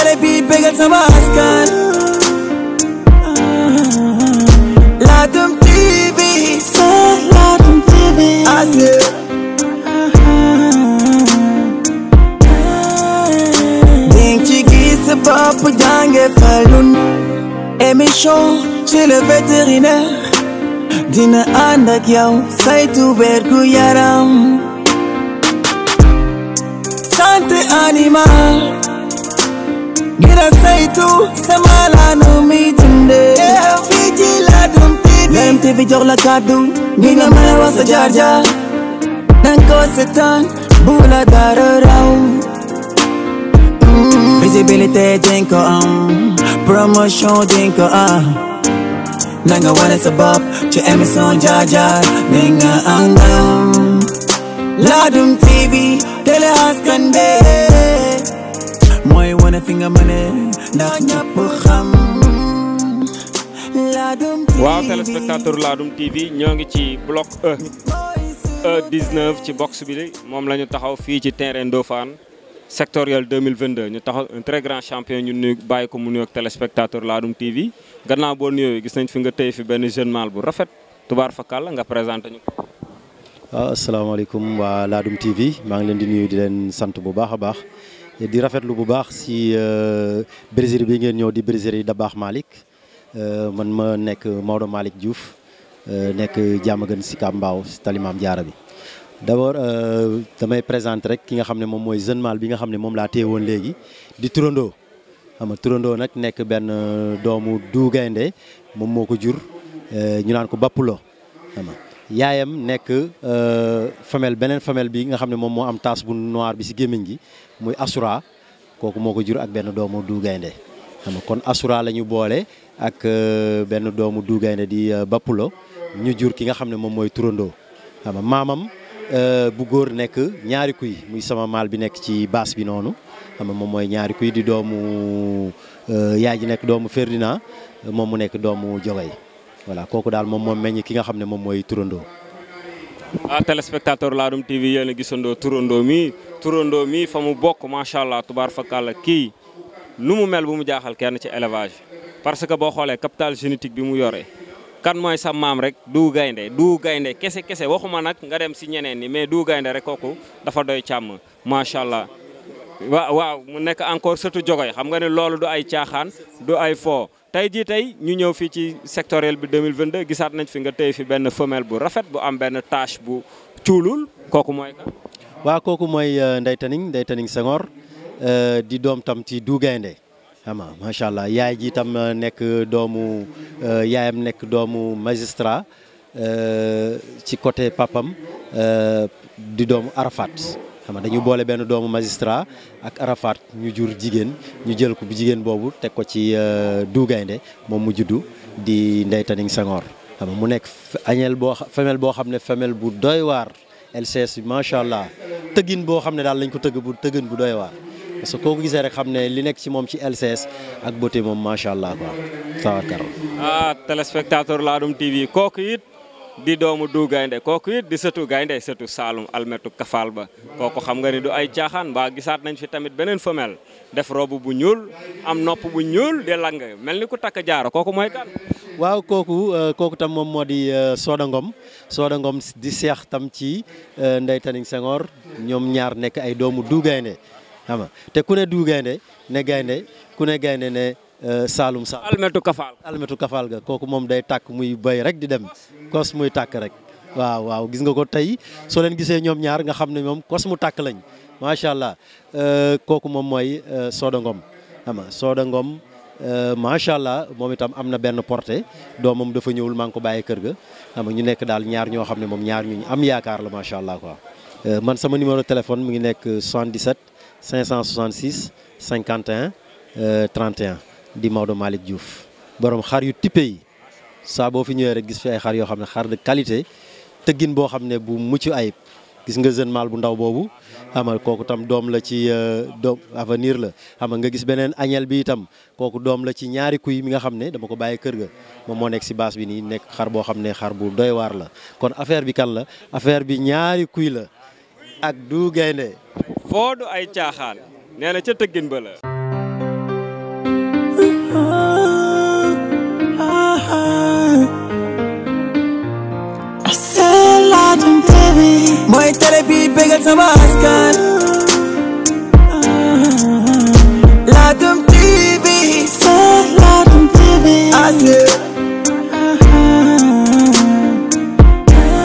télé bi bégal sama askan Ladoum TV c'est Ladoum TV ning ci gis sa bopp jànge falun émission chez le vétérinaire dina ànd ak yow saytu wergu animal ngir a saytu sama mi dundee. teew fii ci Ladoum TV. Ladoum TV jox la kàddu. nga mën a jaar jaar. danga ko seetaan bu la dara raw. Mm. visibilité dinga ko am promotion dinga ko am. nanga wane sa bopp ci émission jaar jaar mi nga am ndam. Ladoum TV télé askan bi. nga mënee ndax ñëpp xam waaw téléspectateur Ladoum TV ñoo ngi ci bloc E E ci box bi moom lañu taxaw fii ci terrain Ndofane sectoriel 2022 ñu taxaw un très grand champion ñu nuyu bàyyi ko mu nuyoog téléspectateur Ladoum TV gannaaw boo nuyoo gis nañ fi nga téye fi benn jeune mâle bu rafet tubaar fakal nga présenté ñu ko. Ah, waaw asalaamaaleykum waa Ladoum TV maa ngi leen di nuyu di leen sant bu baax a baax. di rafetlu bu baax si euh, bergerie bi ngeen ñëw di bergerie Dabakh Malick euh, man ma nekk Maodo Malick Diouf euh, nekk Diamaguène Sicap Mbao si tali Maam Jaara bi d'abord damay présenter rek ki nga xam ne moom mooy jeune mâle bi nga xam ne moom laa téye woon léegi di turandoo xam nga turandoo nag nekk benn doomu du gaynde moom moo ko jur ñu naan ko Bappulo xam yaayam nekk euh, famel beneen femelle bi nga xam ne moom moo am taas bu noir bi si gémmiñ gi muy Asura kooku moo ko jur ak benn doomu duugaynde xam nga kon Asura la ñu boole ak euh, benn doomu duugaynde di euh, Bapulo ñu jur ki nga xam ne moom mooy turandoo xam nga maamam bu góor nekk ñaari kuy muy sama maal bi nekk ci baas bi noonu xam nga moom mooy ñaari kuy di doomu yaay ji nekk doomu Ferdinand moom mu nekk doomu Jogay. voilà kooku daal moom moom meññ ki nga xam ne moom mooy turandoo. ah téléspectateur Ladoum TV yéen a gisandoo turandoo mi turandoo mii fa mu bokk macha allah tubaar fakàlla kii nu mu mel bu mu jaaxal kenn ci élevage parce que boo xoolee capital génétique bi mu yore kan mooy sa maam rek du gaynde du gaynde kese kese waxuma nag nga dem si ñeneen ni mais du gaynde rek kooku dafa doy càmm macha allah. waaw waaw mu nekk encore surtout jogoy xam nga ne loolu du ay caaxaan du ay fo tey jii tey ñu ñëw fii ci sectoriel bi 2022 gisaat nañ fi nga tey fi benn femelle bu rafet bu am benn tache bu cuulul kooku mooy waaw kooku mooy euh, Ndeye Taning Ndeye Taning euh, di doom tam ci Dugaynde ama macha allah yaay jiitam euh, nekk doomu yaayam nekk doomu magistrat ci côté papam di doomu Arafat. xam nga dañu boole benn doomu magistrat ak Arafat ñu jur jigéen ñu jël ko bu jigéen boobu teg ko ci euh, duugaynde moom mu juddu di Ndeye Taning Senghor xam nga mu nekk añeel boo femelle boo xam ne femelle bu doy waar LCS bi macha allah tëggin boo xam ne daal lañ ko tëgg bu tëggin bu doy waar parce que koo ko gisee rek xam ne li nekk ci moom ci LCS ak beauté moom macha allah quoi. ah téléspectateur Ladoum TV kooku it di doomu du gaynde kooku it di sëtu gaynde sëtu Saalum almetu kafaal ba kooku xam nga ni du ay caaxaan mbaa gisaat nañ fi tamit beneen femelle def rob bu ñuul am nopp bu ñuul de lang mel ni ku takk jaaro kooku mooy kan. waaw kooku euh, kooku tam moom moo di euh, Soda Ngom Soda Ngom di seex tam ci euh, Ndeye Taning Senghor ñoom ñaar nekk ay doomu du gaynde xam te ku ne du gaynde ne gaynde ku ne gaynde ne. Euh, Saalum Saalum. almetu kafaal almetu kafaal ga kooku moom day tàkk muy bay rek di dem kos muy tàkk rek. waaw waaw gis nga ko tey soo leen gisee ñoom ñaar nga xam ne moom kos mu tàkk lañ macha allah euh, kooku moom mooy euh, Soda Ngom ama Soda Ngom macha allah moom itam am na benn portée doomam dafa ñëwul maa ngi ko bàyyee kër ga ama ñu nekk daal ñaar ñoo xam ne moom ñaar ñu am yaakaar la macha allah quoi. man sama numéro téléphone mu ngi nekk 77 566 51 31. di Maodo Malick Diouf borom xar yu tippe yi saa boo fi ñëwee rek gis fi ay xar yoo xam ne xar de qualité tëggin boo xam ne bu mucc ay gis nga jeune mâle bu ndaw boobu ama kooku tam doom la ci euh, doom avenir la ama nga gis beneen añel bi itam kooku doom la ci ñaari kuy mi nga xam ne dama ko bàyyi kër ga moom moo nekk si baas bi nii nekk xar boo xam ne xar bu doy waar la kon affaire bi kan la affaire bi ñaari kuy la ak du gaynde foo du ay caaxaan nee mooy télé bi bégal sama askan